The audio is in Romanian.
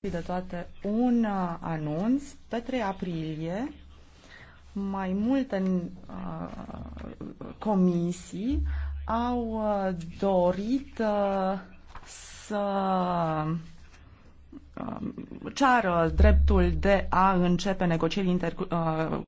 de toate un uh, anunț pe 3 aprilie mai multe uh, comisii au uh, dorit uh, să uh, ceară dreptul de a începe negocieri inter uh,